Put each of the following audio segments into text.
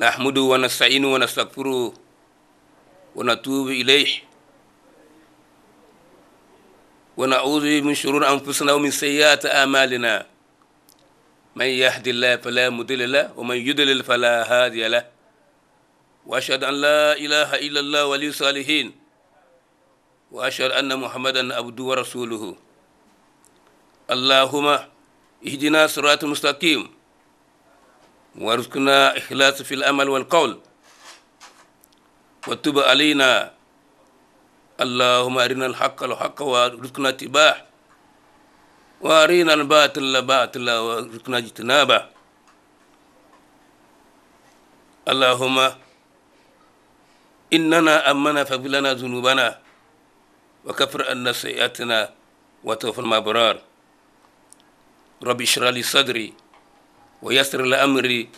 نحمده ونستعينه ونستغفره ونتوب إليه ونعوذ من شرور أنفسنا ومن سيئات أعمالنا من يهد الله فلا مضل له ومن يضلل فلا هادي له وأشهد أن لا إله إلا الله ولي الصالحين وأشهد أن محمدا عبده ورسوله اللهم اهدنا صراط مستقيم وارزقنا إخلاص في الأمل والقول وتب علينا اللهم أرنا الحق الحق وارزقنا اتباعه وأرنا الباطل باطلا وارزقنا اجتنابه اللهم إننا أمنا فاغفر لنا ذنوبنا وكفر أن سيئاتنا وتوفى المبرار رب اشرح لي صدري wa yassir li amri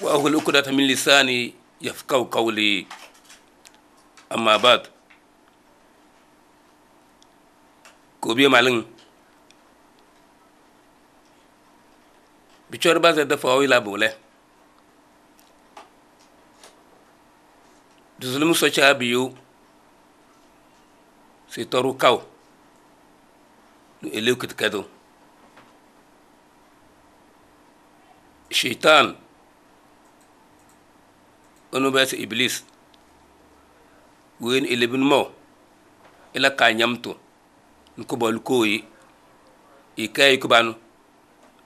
wa ahlul uqdata min lisani yafqahu qawli amma ba'd ko be malin bichor ba za da fawi la bole duzulum so cha biyu se toru kaw no elekut kado shaitan ono ba iblis wen ilibin mo ila ka nyamto nko bol koyi ikai kubanu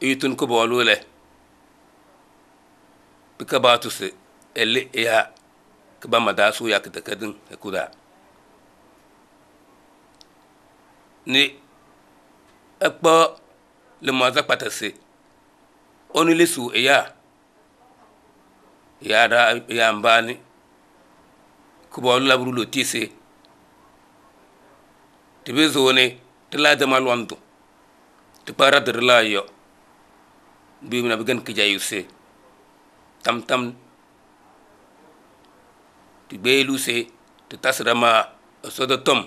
itun ko bolule bika tu se ele ya kaba madasu ya kitakadin kuda ni akpo le maza patase onile su'eya eh, ya, yambani ya, la buru lo tise tibe zone tila dama lwandu tipara la yo bi bimina ki jayu se tam tam lu se eh, so da tom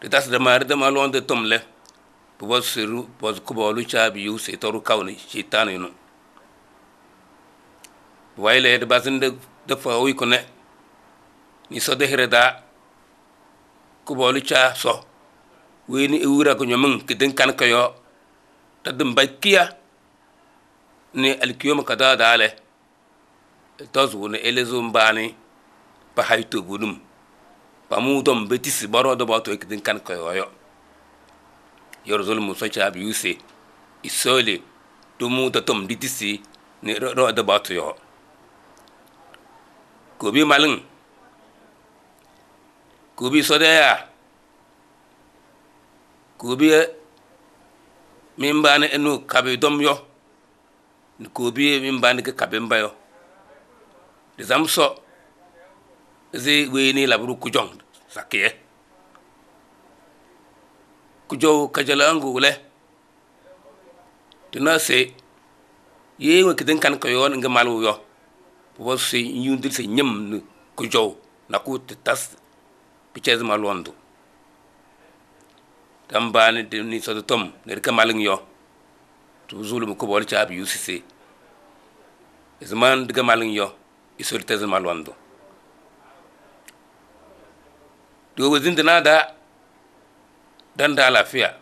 titasrama mal lwandu tom le bɔbɔ seru bɔzukubɔ olu caa bi yiwu setɔru kaw ni sitanu yinu bɔbɔ yi de basin de de fɔ oyi kɔnɛ ni sɔ de hɛrɛ da kubɔ olu caa sɔ wei ni ewura ko nyɔmin kiden kan kɔyɔ ta dun ba kiya ni alikiyoma ka daa daa lɛ tɔzugu ni elezon baani pa hayi tobunum pamu dɔn beti si bɔrɔ dɔ b'a to kiden kan kɔyɔ yɔ. yorzol mu socha bi yuse isole dumu da tom ditisi ne ro da batu yo kobi malin kobi sodaya kobi min bani enu kabe dom yo kobi min bani ke kabe mba yo de zamso ze weni laburu kujong sakiye kujo kajalangu wule tuna se ye wa kitin kan ko yon nga malu yo bo se yundil se nyem nu kujo na ku tas pichez malondu tambani de ni so tom ne ka malin yo to zulum ko bor chaabi yusise isman de malin yo isol tez malondu dogo zindana da dan da lafiya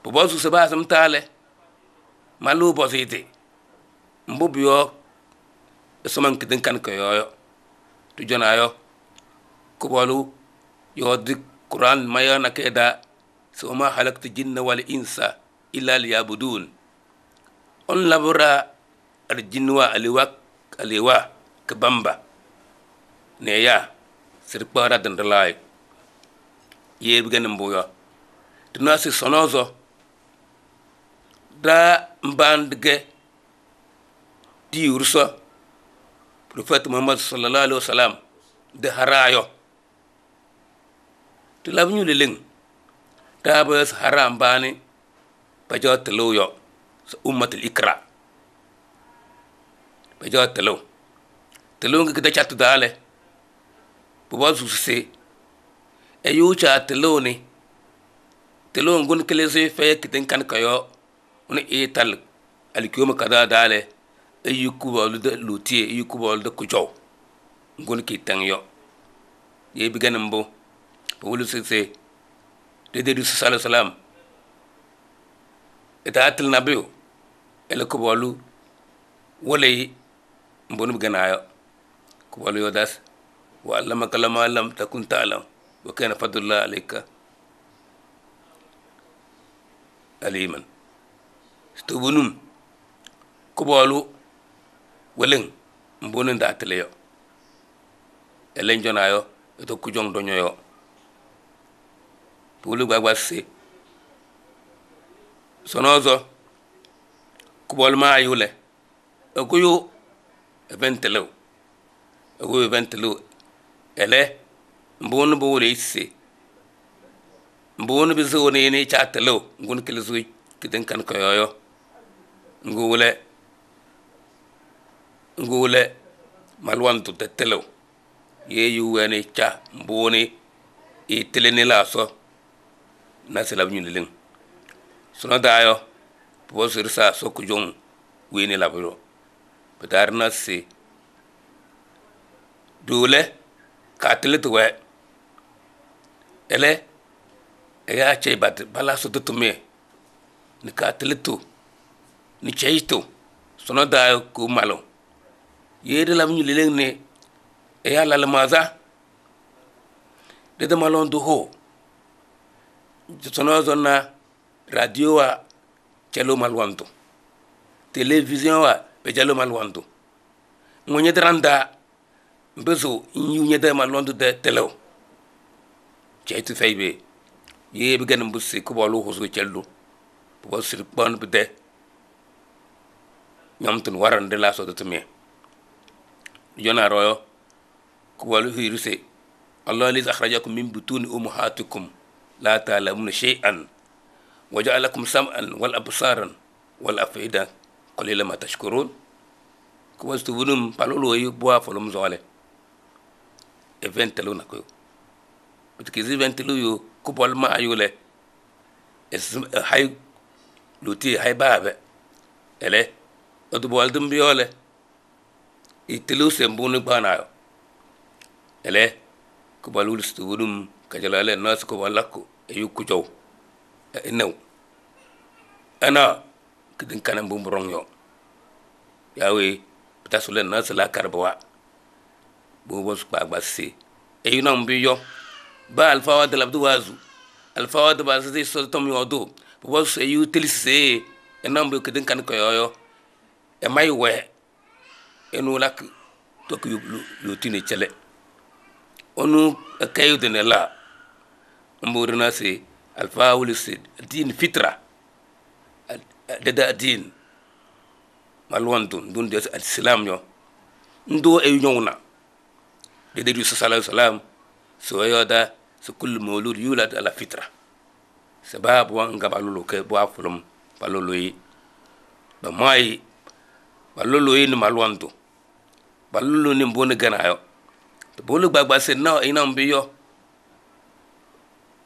bu bo su ba sam tale malu bo siti mbu biyo saman kitin kan ko yoyo tu jona yo ko bolu yo di qur'an mayana ke da so ma halaktu jinna wal insa illa liyabudun on labura al jinwa aliwa aliwa ka bamba ne ya sirkpara dandalai yebiganin boyo tinasi sɔnɔzɔ daa bandge di urusɔ prophet muhammad sallallahu alaihi wasallam de harayo ti lab ñu le leng taabas haram bani ba jo telu yo sa ummatul ikra ba jo telu telu ngi da catu dale bu ba su se e ca telu ni telon gon kelese fe kiten kan kayo on etal al kiyoma kada dale ayukuba e lu de lutie ayukuba lu de kujo gon ki tan yo ye biganam bo wulu se se de de rusul sallallahu salam eta atil nabiyo el ko bolu wole mbonu ganayo ko bolu yo e das wa allama kalama lam takun ta'lam wa kana fadlullah alayka aliman stogunum kubolu weleng mbonin da ateleyo elenjonayo eto kujong donyoyo pulu gbagba se sono ọzọ kubolu ma ayule ekuyo eventelew ekuyo eventelew ele mbonu bo wole mbowono be zowono yene ca telew ngun kele zoy kiden kan ko yoyo ngu wule ngu wule malwantu te telew ye yu wene ca mbowone i telene la so na silab ñu leleng suno dayo bo sur sa sokku jong wene la bo betar na si dule katilit we ele ce bat bala so tutume ni ka tilitu ni cheitu sono da ko malo yede lam nyule leng ne e ya la maza de de malon do ho sono zona radio wa chelo malwanto television wa be chelo malwanto ngonye dranda mbezo nyu nyede malwanto de telo cheitu feibe yebi gen mbusi ko bolu ko su celdu bo sir ban bi de ñom tun waran de la so de tumé yona royo ko walu hirse allah li akhrajakum min butun umhatikum la ta'lamun shay'an wa ja'alakum sam'an wal absaran wal afida qalila ma tashkurun ko wastu bunum palolo yi bo fa lum zole e ventelu na ko ko ti ki ventelu yo kubol ma ayule es hay luti hay babe ele odu bol dum biole itlu sembunu banayo ele kubol ulus tudum kajalale nas kubol lakku ayu kujow e, new ana kidin kanan bumburong yo yawe pitasulen nas la karbawa bobo spa gbasi ayu nam biyo ba alfawata labdu wazu alfawata ba zai so tom yodo bo so yu tilse enam bu kedin kan ko yoyo e may we enu lak to ko yublu yotine chele onu kayu de la mburna se alfawul sid din fitra dada din malwandun dun de al islam yo ndo e nyona de de sallallahu alaihi wasallam soyoda sukul molud yula ala fitra sababu wanga balulu ke bo afulum balulu yi ba mai balulu yi ni malwantu balulu ni mboni ganayo to bolu gbagba se na ina mbiyo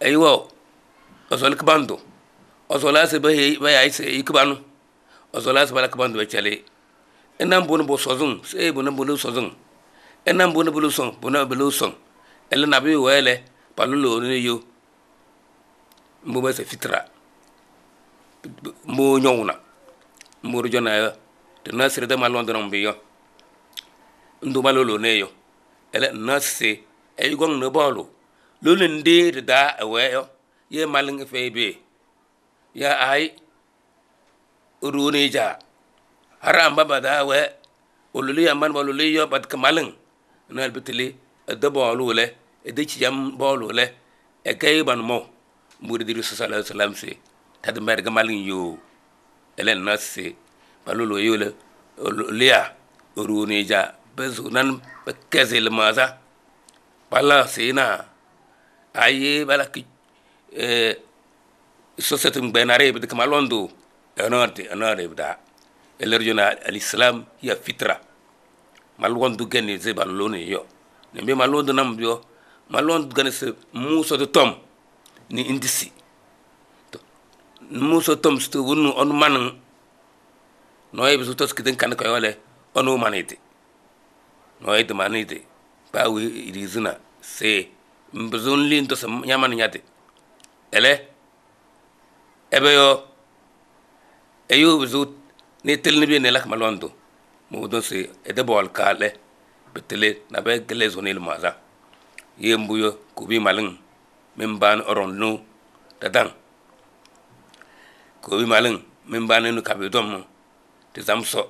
eywo osol kbandu osola se be be ay se ikbanu osola se bala kbandu be chale ina mboni bo sozun se bo na sozun ina mboni bolu son bo na son ele na bi wele palulo ni yo mbo ba se fitra mbo nyowna mbo ro jona yo te na sere ma london yo ndu ma lolo ne yo ele na e gong no bolu lolo ndi da ewe yo ye malinga fe be ya ai uruni ja haram baba da we ululi amman ululi yo bat kamaling na albitili ede bọọlụ ole ede chijam bọọlụ ole eke iban mo mburi diri sosala salam se tadu mer gamalin yo elen nas se balolo yole liya oruni ja bezu nan kezel maza bala sina aye bala ki eh société mbenare bi kama londo anade anade da elerjona alislam ya fitra mal wondu genni ze balolo ni yo Mbe malon do nan mbyo, malon do gane se mwoso do tom ni indisi. Mwoso do tom sti woun nou anou manen, nou e bizou tos ki den kane kwayo le, anou manen ite. Nou e di manen ite, pa wè yi dizina, se mbizoun li n tos nyaman nyate. Ele, e bè yo, e yu bizou, ne tel nebyen ne lak malon do, mwou don se e debol ka le. betele na bɛ gele zonil maza ye mbuyo kubi malin min ban oron nu dadan kubi malin min ban nu kabi dom mu ti zam so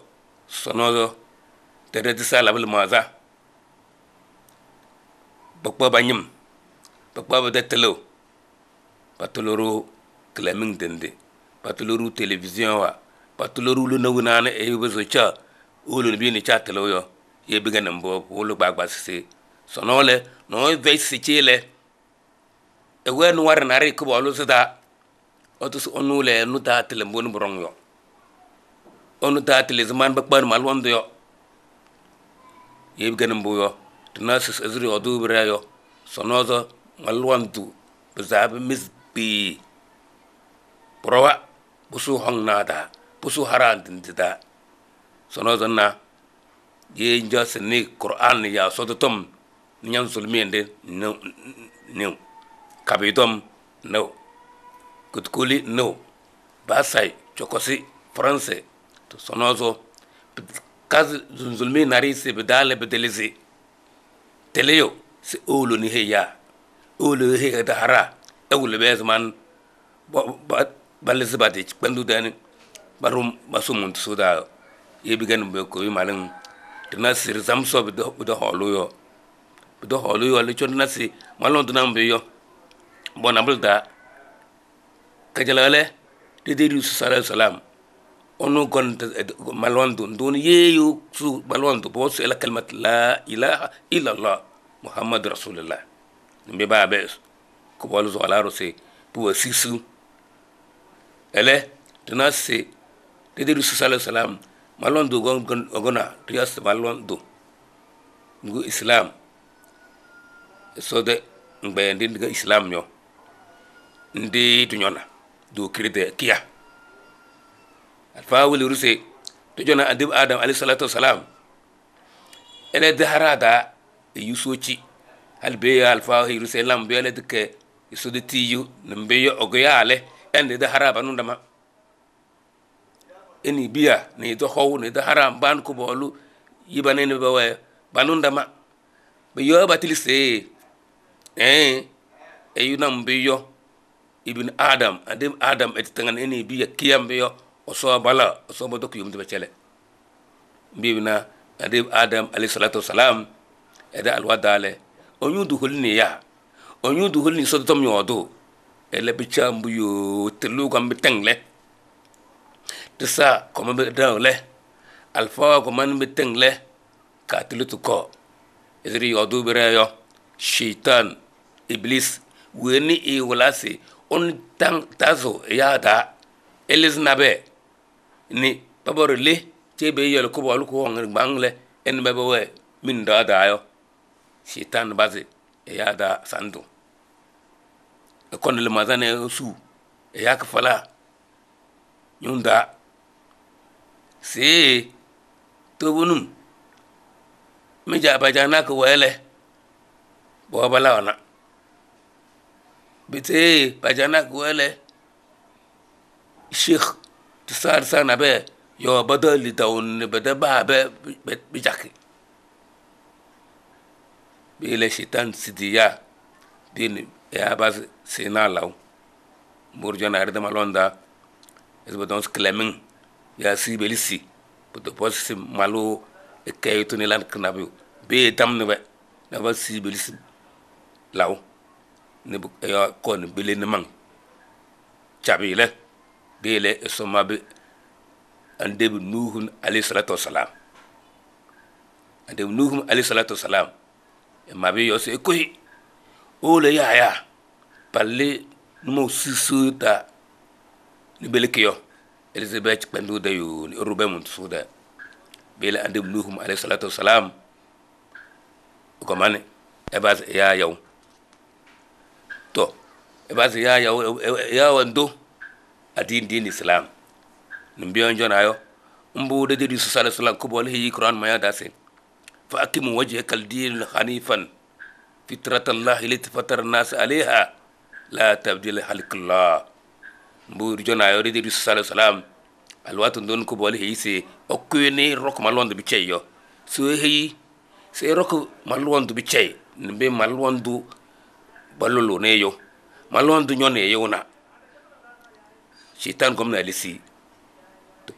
sono zo te de disa labil maza bakpa ba nyim bakpa ba de telo patuluru klemin dende patuluru televizyon wa patuluru lu nawunane e yubizu cha ulu nbini cha telo yo ye bige nim bo wolo gbagba sise sono le no ve siche le e we no war na nari ko bolo sida otus onu le nu ta tele mbon borong yo onu ta tele zaman ba kbar mal wondo yo ye bi nim mbo yo tnasis azri odu bra yo sono zo mal bi za bi bezab misbi prowa busu hong nada busu haran dindida sono na ye nja sini qur'an ya soto tom nyan sulmiende no no kabitom no kutkuli no basai chokosi france to sonozo kaz zulmi nari se bedale bedelisi teleyo se ulu ni heya ulu heya da hara ewul bezman balisi bati kpendu dani barum basumun suda yebigan be ko yimalin tɩna sɩd zãmb soa bɩ hɔɔlu yɔ bɩ da hɔɔlu yɔ le tɩna sɩ malõn tɩ nan bɩ yɔ bɔ nabl da kajalaga lɛ dedeedu susala salam ɔnu gɔn malɔn dun dun yeeyo su malɔn dun bɔ su ɛla kalimat la ilaha illallah muhammad rasulillah nin bɛ baa bɛ kɔbɔlu zɔgɔla rose bɛ wa e sisu ɛlɛ tɩna sɩ dedeedu susala salam mallon du ogona riyas mallon du ngu islam so de ngbe ndin ga islam nyo ndi du nyona du kride kiya al fawul rusi du jona adib adam alayhi salatu wassalam ele de harada yusuchi al be al fawul rusi lam be ele de ke isudu tiyu nambe yo ogoyale ende de haraba nundama eni biya ni to how ni to haram ban ko bolu yibane ni ba waya balunda ma be yo ba tilise eh e yunam be yo ibn adam adem adam et tangan eni biya kiyam be yo o so bala o so bodo kiyum de chele bibna adem adam alayhi salatu wassalam eda alwadale onyudu holni ya onyudu holni so to mi odo ele bi chambu yo telu kam bi tangle ti sa kɔmɔ bɛ dɛn lɛ alifa kɔmɔ ni bɛ tɛn lɛ k'a tulu ti kɔ ezeri yɔ du bɛrɛ yɔ shitan iblis wee ni i walasi on tan tazo ya da elis ni babɔri le te bɛ yɛlɛ ko bɔ olu ko wɔngiri gbaŋ lɛ ɛni bɛ bɛ wɛ min da da yɔ shitan bazi e ya sandu ɛkɔni e lemazan yɛ e su ya kafala nyunda see tobunum mija bajana ko wele bo bala wana bite bajana ko wele sheikh tsar sana be yo badali taun bada ba be bijaki bi le shitan sidiya din ya ba sina law burjana arda malonda es badons claiming ya si beli si to pos si malu e tu to nilan kana bi be tam ne ba na ba si beli si lau, ne bu eh, ya kon bele ne man chabi le bele e soma bi ande bi nuhun alayhi salatu wassalam ande bi nuhun alayhi salatu wassalam eh, ma bi yo se koy o oh, le ya ya palle numo sisu ta ni bele kiyo elizabeth kpenduda de orube suda bela and the alayhi salatu wassalam ukomane ebas ya yaw to ebas ya yaw ya wando adin din islam nimbiyon jona yo de de su sallallahu alaihi kubol hi qur'an maya dase fa akim wajhaka al-din hanifan fitratallahi lati Fatar nas alaiha la tabdila halqillah mburi jona ayori de risu sallallahu alaihi wasallam alwatu ndon ko bol heyi se okuyene rok malwondu bi yo, so heyi se rok malwondu bi chey mbe malwondu balolo ne yo malwondu nyone yo na shitan gomna lisi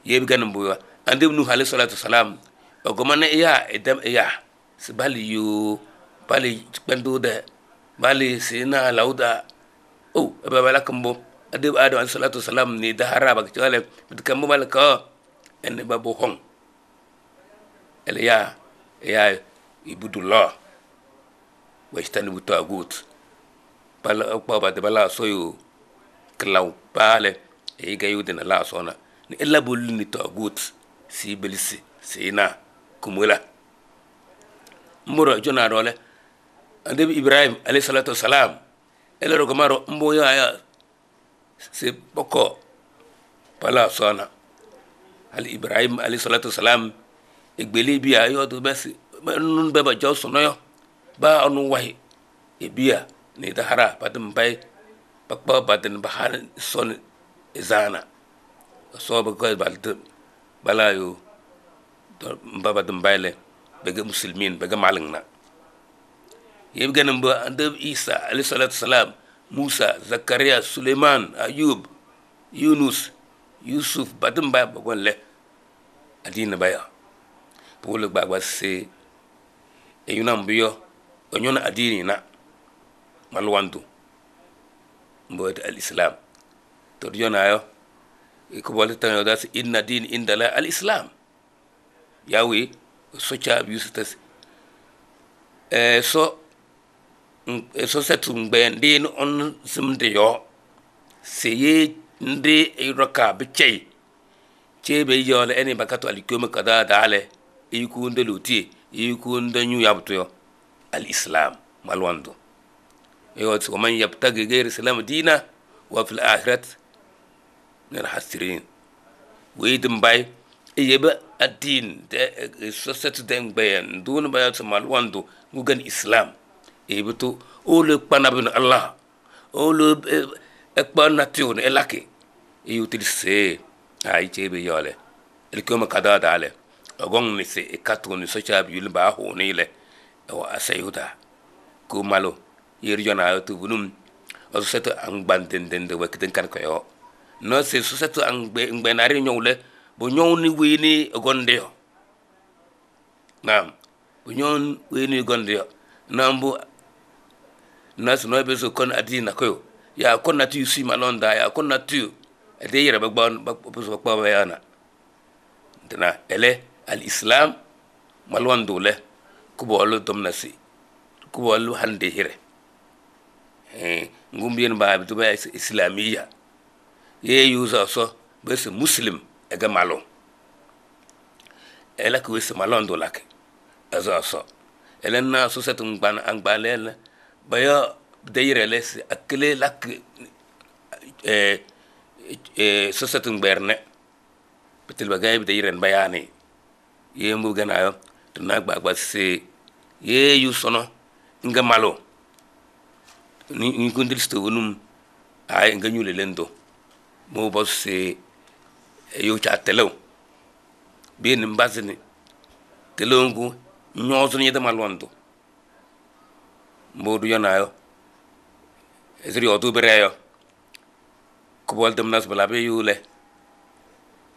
yebi ganin buwa ande nu alayhi salatu wasalam ogomana iya edam iya si bali yo bali kpendo da bali sina lauda o oh, ebe bala kambo adi ado an salatu salam ni da haraba ko ale bit kam mal ko en babu hon ele ya ya ibudullah wa istanibu tagut bala baba de bala soyo klaw pale e ga yudin la sona ni illa bulli ni tagut si bilisi sina kumula muro jona dole annabi ibrahim alayhi salatu wassalam ele ro kamaro mbo ya sai boko palasana ali ibrahim ali salatu salam egbele bia yɔ do bɛ si nu bɛ ba jɔ sɔnɔyɔ ba ɔnu wahi ebia ne dahara batin bai bakpa batin bahar sɔni ezana sɔɔ bɛ kɔ batin bala yo ba batin bai lɛ bɛ ga muslimin, bɛ ga malin na yebi ganin ba an da isa ali salatu salam musa Zakaria, suleiman ayub yunus yusuf batin baya bagon le adina baya polo gbagba se eyuna mbiyo onyona adini na malwandu mboyta alislam to yonayo ikobole tan yodas inna din indala alislam yawi socha biusitas e so so se tu ngbe ndi no on sim de yo se ye ndi e roka bi chei che be yo le eni bakato alikyoma kada dale e ku ndo luti e ku ndo nyu yabto yo al islam malwando e wat wa man yabtagi ghayr islam dina wa fil akhirat nar hasirin wedin bai e yebe adin de eh, eh, so se tu den ndu ndun ba yo malwando gan islam ebutu olu kpana bino allah olu eh, ekpana tiwni elaki iyutili see ayi cebe yole elkoma kada dale ogong ni se ekatu ni socha biyul ba ho ni le wa asayuda ku malo yir jona tu bunum o setu angban den den de wekten kan koyo no se su setu angbe ngbe nari nyowle bo nyow ni wi ni ogonde yo nam bo nyow wi ni ogonde yo nam bo na no be so kon adi na ko ya kon na tu si da ya kon na tu ade yere ba gba ba so ba ya na dana ɛlɛ al islam malwan dole ku bo lu dom na si ku bo lu hande hire eh ngumbien ba bi to ba islamiya ye yusa so be so muslim e ga ɛlɛ ele ku se malon do lak azo so ɛlɛ na so setun gban angbalele baya dairales akle lak eh, eh, sosatun gberne betel bagay bi dairen bayani yembu ganayo tuna gbagba se ye yu sono nga malo ni ni kundil sto wonum ay nga nyule lendo mo bo se eh, yo cha telo bi ni telongu nyozo ni de malondo mboduyonayo esiri otubireyo kubol temnas balabe yule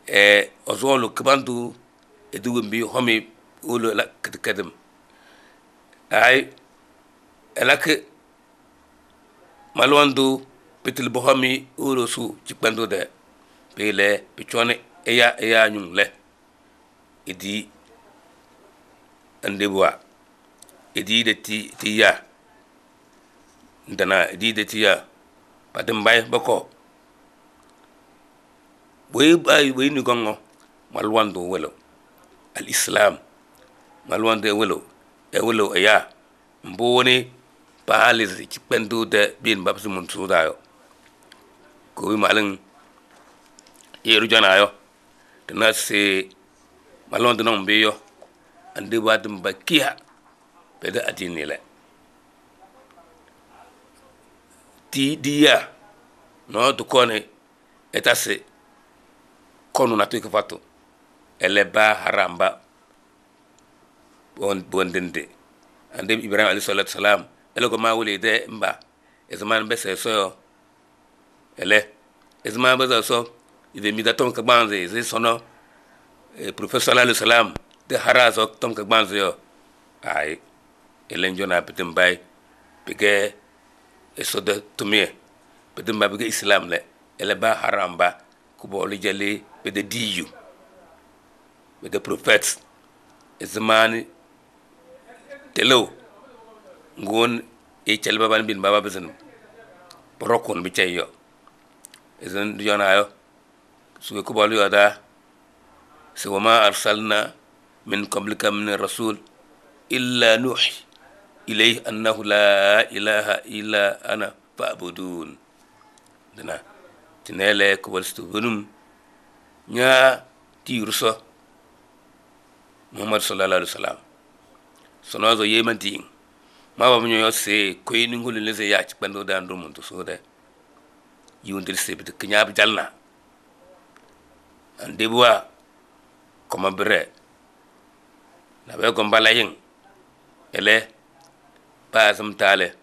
e osolu kibantu eduwembi homi ulu ela kitikedim ay elak malwandu pitil bohomi ulu su cikpandu de pile piconi e, eya eya nyung le idi andebuwa idi de ti ti ya ntana dida tiya patin bai bako bai bai bai ni gongo malwan do welo al islam malwan do welo e welo e ya mbo woni pa halis ci pendu de bin babsu mun sudayo ko wi malin yeru janayo tana se malwan do non biyo andi batum bakiya peda atinile ti dia no dukone etase konu na tuike fatu eleba haramba bon bondende ande ibrahim alayhi salatu salam eloko ma wuli de mba ezuman bese so ele ezuman bese so ibe mi da tom ka banze ze sono e professeur alayhi salam de harazo tom ka banze yo ay elen jona pitin bay pike esoda tumie pede mabige islam le ele ba haramba kuba oli jali pede diyu pede prophet ezmani telo ngon e chal baban bin baba bezen porokon bi chayo ezen diyona ayo suge kuba oli ada se wama arsalna min qablika min rasul illa nuhi إليه أنه لا إله إلا أنا فأبدون دنا تنالا كوالستو بنم نيا تيرسا محمد صلى الله عليه وسلم سنوازو يمن تين ما بمنيو يوسي كوي نغول لزي ياك بندو دان رومون تسودة يوندر سيبت كنياب جلنا أندبوا كما بره نبقى كمبالا ين ele paasam taale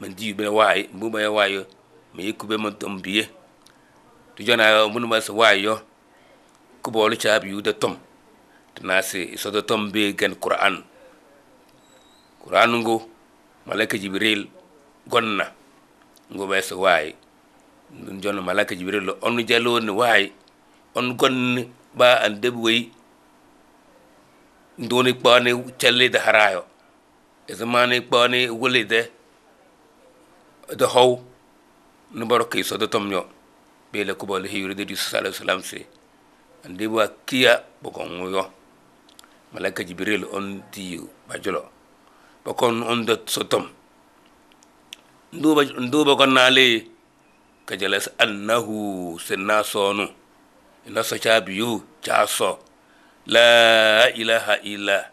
ma diw bene waay mbuma e waayo mi yikku be man tom biye tu jona mun ma so waayo ku bolu chaab yu de tom tana se so de tom be gen qur'an qur'an ngo malaika jibril gonna ngo be so waay dun jona malaika jibril onu jalo ne waay on gon ba an debwe ndoni kwane challe da harayo ezemani kpɔ ne wele de de xɔwo ne bɔrɔ ke sɔ dɔtɔm nyɔ bee le kubɔ le heyori de di sosa le salam se ande bo akia bɔkɔ ŋu yɔ malaka jibril on ti yo bajɔlɔ bɔkɔ on dɔ sɔtɔm ndo bɔkɔ naale ka jɛlɛ annahu senna sɔɔnu ina sɔ caa biyu caa sɔ e laa ilaha illa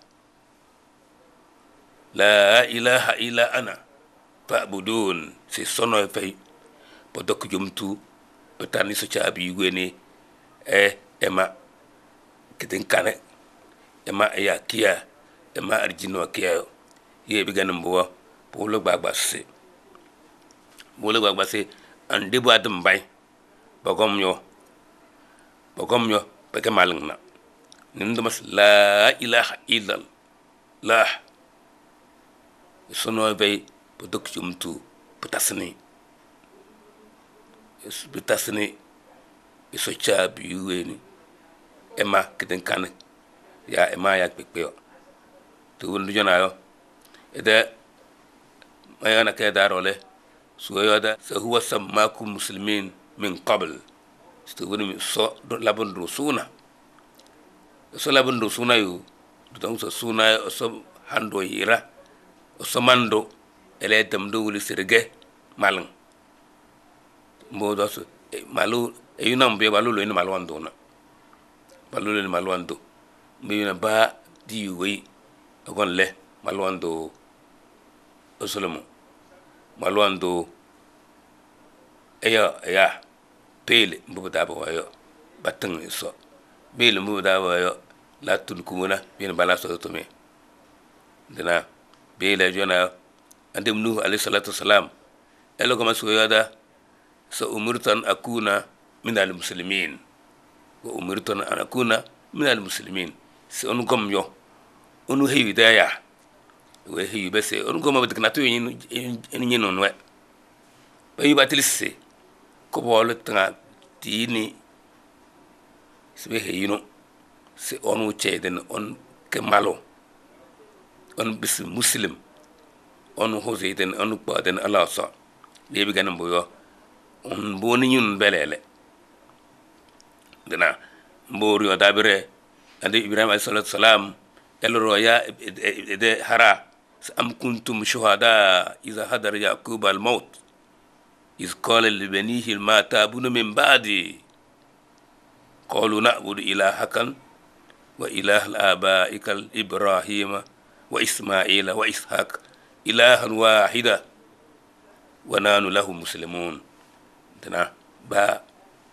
la ilaha illa ana fa'budun si sono e fay bo dokk jom tu be tanni so caabi wene e ema kiten kane ema e ya kiya ema arjino kiya ye bi ganin bo bo lo gbagba se bo lo gbagba se an debu adum bay bogom yo bogom yo be kemalna nim dumas la ilaha illa la sonoobe bo dokk ci umtu bu tas ni bi tas ni i e socca bi yuwee ni ema kiden kane ya ema yaa kpekpeyo te wun lujonaayo ede mayona kee daarole suwoyoode sa huwa sammakum muslimin min qable sto wuni so labundu suuna so labundu suuna yu dutong so suuna so hando yira Ousmane Lo ele tam do wuli sirge malang mbo do su e, malu e yuna mbe balu lo ni malu ando na balu lo ni malu ando mbe yuna ba di we agon le malu ando osolomo malu ando eya eya pele mbo da ba yo batang so bele mbo da ba yo la tun kumuna bien bala so to me dina beela jona andem nuhu alayhi salatu wasalam elo kama sugoyoda so umirtu an akuna min almuslimin wa umirtu an akuna min almuslimin si onu gom yo onu heyu daya we heyu bese onu goma batikna to yin yin non we bayu batilse ko bolo tanga tini sibe heyino si onu cheden on kemalo malo on bis muslim on hositen on kpaden alasa lebi ganin boyo on boni yun belele dana mbori on dabire ande ibrahim alayhi salatu salam elro ya de hara am kuntum shuhada iza hadar yaqub al maut iz qala li banihi ma tabunu min ba'di qalu na'budu ilahakan wa ilaha al-aba'ika al-ibrahima وإسماعيل وإسحاق إلها واحدا ونحن له مسلمون تنا با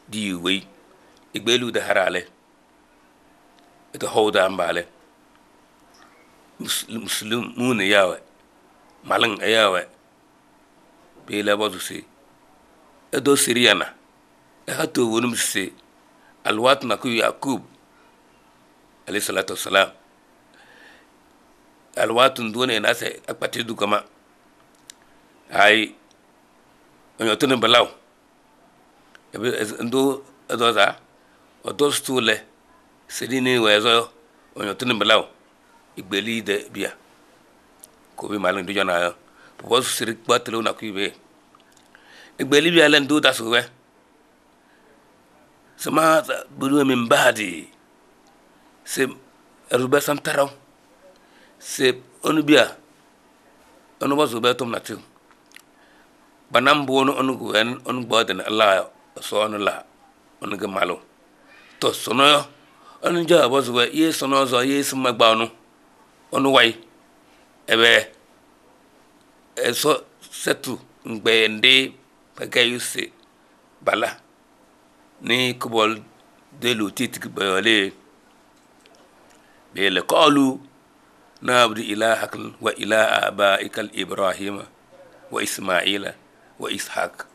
ديوي إقبلوا دهر عليه إتهود عم عليه مسلمون ياوي مالن ياوي بلا بوزسي إدو سيريانا إهاتو ونمسي الواتنا كو يعقوب عليه الصلاة والسلام alwatun na nasa akpati du kama ai onyo tun balaw ebe ndo adoza odo stule sidini wezo onyo tun balaw igbeli de bia ko bi malin du jona yo bo siri patlo na ku be igbeli bia len du dasu we sama buru min badi se rubba taraw si onu bia onu bozu be tum na ti banam bu onu onu ala so onu la onu ge malo to sono yo onu ja bozu we ihe sono zo ye si magba onu onu wai ebe eso setu ngbe ndi bala ni kubol delu titik bayole be le kolu Nabudu ilahak wa ilaha abaikal Ibrahim wa Ismaila wa Ishaq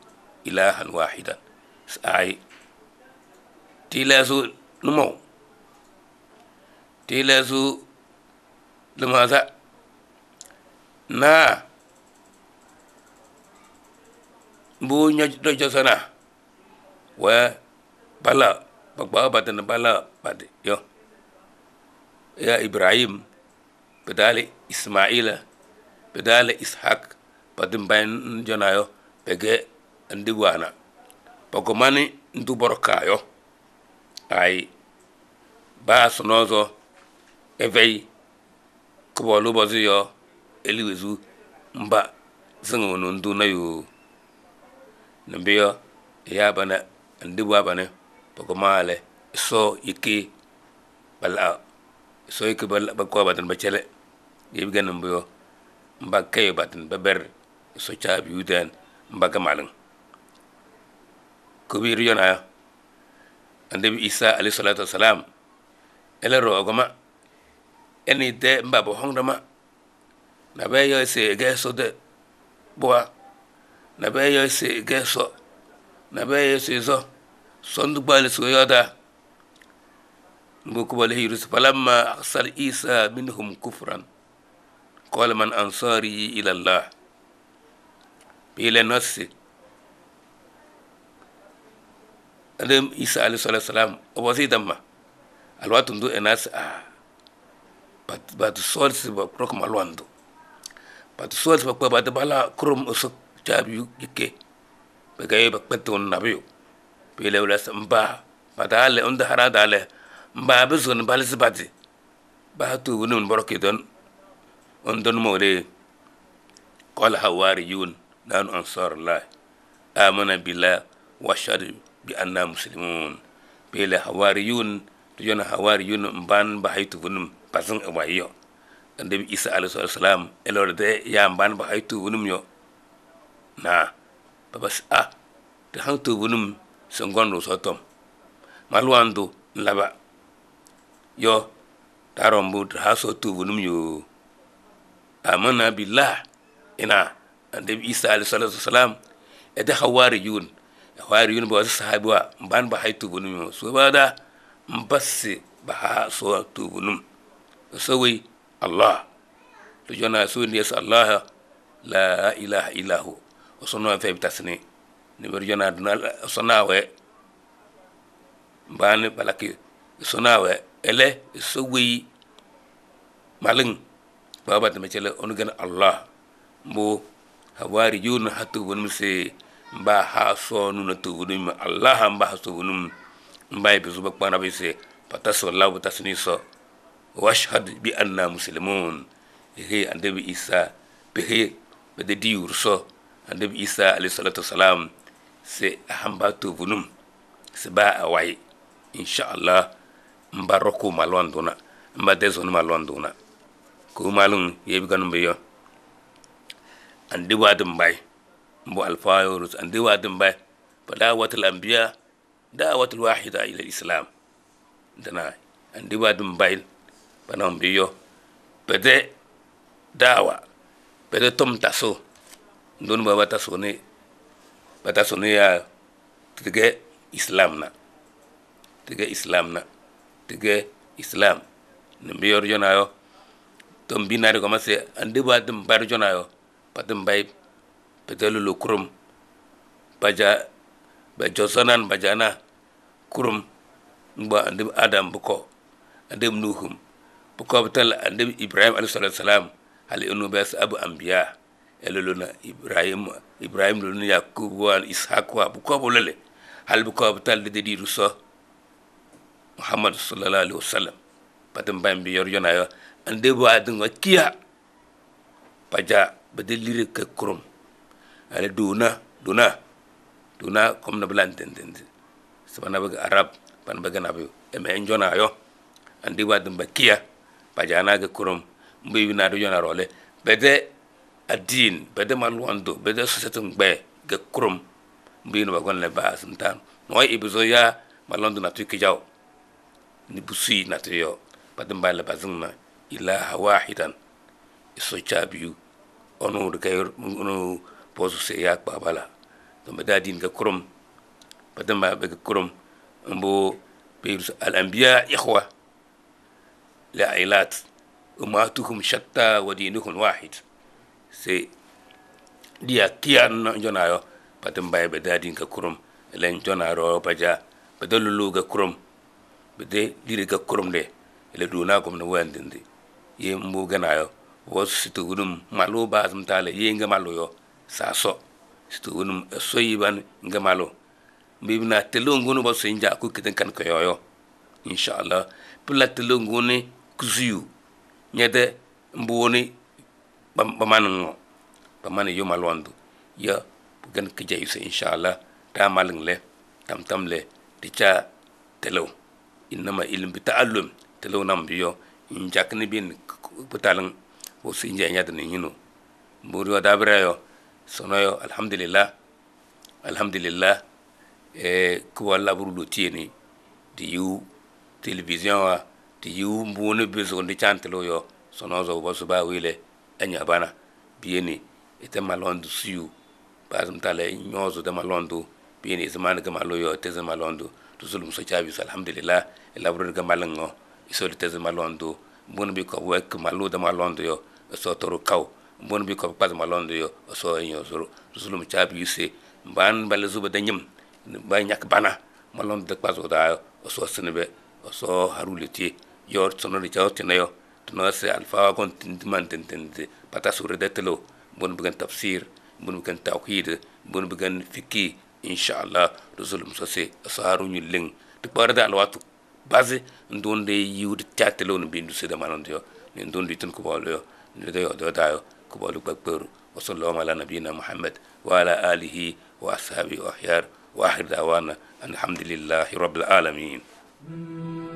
ilahan wahidan. Sa'i. Ti lazu numau. Ti lazu lumaza. Na. Bu nyoj dojo Wa bala. Bapak bapak dan bala. bade, Yo. Ya Ibrahim. ɓe daali ismaila ɓe daali ishaq badi mbay jonayo ɓe ge ndiwana bago mani nduboro kayo ay ba sonozo evey kobo lubozu yo eliwezu mba zengo no ndu nayu nambiyo ya bana ndibu abane bago male so yiki bala so yiki bala ba ko badan bacele ba gebigana mbuyo mba kayo batin baber so chaabi yudan mba gamalin kobi riyon aya annabi isa alayhi salatu wassalam ele ro ogoma eni de mba bo hongdama na be yo se geso de boa na be yo se geso na be yo se zo sondu gbali so yoda mbo ko bale hiru falamma aksal isa minhum kufran قال من أنصاري إلى الله بلا نص أدم عيسى عليه الصلاة والسلام زيد دمه الوقت ندو الناس آه بات بات سولس بروك مالواندو بات سولس بقى بات بالا كروم أسك جابيو يكى بقى بقتون نبيو بلا ولا سمبا بات على عند هراد على مبابزون بالسباتي باتو ونون بروكي دون on don mo re qol hawariyun dan ansar la amana billah wa shar bi anna muslimun hawari yun to yona hawariyun mban ba haytu vunum pasan e wayo ande bi isa alayhi salam elor de ya mban ba haytu vunum yo na babas a ah, to hantu vunum songondo sotom maluando laba yo darombu ha so tu vunum yo amanna billah ina andeɓe issa alayhi salatu wasalam ede ha waari juuni e waari yuni bawata sahaabi wa mban ba hay tubanumio sobada mbasse ba ha so tubanum sowoy allah to jona sowni yeso allah la ilaha illahu o sonno feɓe tasni numéro jona sonawe mbani balaki sonawe ele sowoyi malin babata mecele on gana allah mbo hawari joni ha tubunum se mba ha sonu na tubunum allah mba ha tubunum mba ibe zuba kpana bi se patas wallahu tasni so washhad bi anna muslimun he andabi isa be he be de diur so andabi isa alayhi salatu wasalam se hamba tubunum se ba awai insha allah mba roku malonduna mba dezonu malonduna malung yebi ganum be yo andi watum bay mbo fayrus andi watum bay watul anbiya dawatul wahida ila islam dana andi watum bay banam be yo pede dawa pede tom taso ndon baba taso ne bata ya tige islam na tige islam na tige islam nimbi yor yonayo tom binari masse andi ba dum bar jonayo patum bay petelu lu krum baja ba josonan bajana kurum ba andi adam buko andi nuhum buko betal andi ibrahim salatu salam hal inu bas abu anbiya eluluna eh, ibrahim ibrahim luna yakub wa ishaq wa ko bolale hal buko betal de di ruso muhammad sallallahu alaihi wasallam patum bay bi yor ande bo adunga Kia paja badilire ke krum ale duna duna duna kom na blan tentende sabana baga arab pan baga na bu e eh, me enjona yo ande bo adun bakia paja na ke mbi mbe wina do yona role bede adin bede malwando bede sosetum be ke kurum mbi no bagon le ba ntan moy ibzo ya malwando na tuki jaw ni busi na tuyo badin le bazun na ilaha wahidan iso onu da kai onu posu se ya kpabala dama dadin ga kurum ba ga kurum bo beirus al-anbiya ikhwa umma tuhum shatta wa dinuhum wahid se diya kiyan no jonayo ba be dadin ga kurum len jonaro baja badalulu ga kurum bade dire ga kurum de le duna gomna wandinde ye mbo gana yo wo situ wudum malo ba zum tale ye nga malo yo sa so situ wudum so yiban nga malo bibna telo ngono ba so inja ku kitan kan ko yoyo insha Allah pula telo ngone kuziyu nyade mboni bamanu ngo bamanu yo malwandu ya gan kijayu se insha Allah ta malin le tam tam le ti cha telo innama ilm bi ta'allum telo nam yo njak ni bin putalan wo su injay nyad ni hinu buru wa dabra yo sono yo alhamdulillah alhamdulillah eh ku wala buru lu tieni di yu television wa di yu mbunu bezo ni chantelo yo sono zo bo su ba wile anya bana bieni ite malondu siu bazum tale nyozo de malondu bieni zamanu gamalo yo tezo malondu tuzulum so chabi alhamdulillah elaburu gamalango alhamdulillah isolitese ma londo bon bi ko wek ma luda yo so toru kaw bon bi ko pas ma yo so yo zuru zulum chabi yuse ban bal zuba da nyim ba nyak bana ma de pas da so senebe so haruliti yor sono ni chaw tinayo tino se alfa wa kon tintiman tintinte pata sur de telo bon bi kan tafsir bon bi kan tawhid bon bi kan fikki inshallah rasulum so se so harunyul ling tukbar da alwatu base ndon de yiwde cattelow no mbindu sida malonto yo ndon ndondi tun ko bolo yo de yo doda yo ko bawlo bakperu wa sallallahu ala nabiyina muhammad wa ala alihi wa ashabihi wa ahyar wa akhir dawana alhamdulillahi rabbil alamin mm -hmm.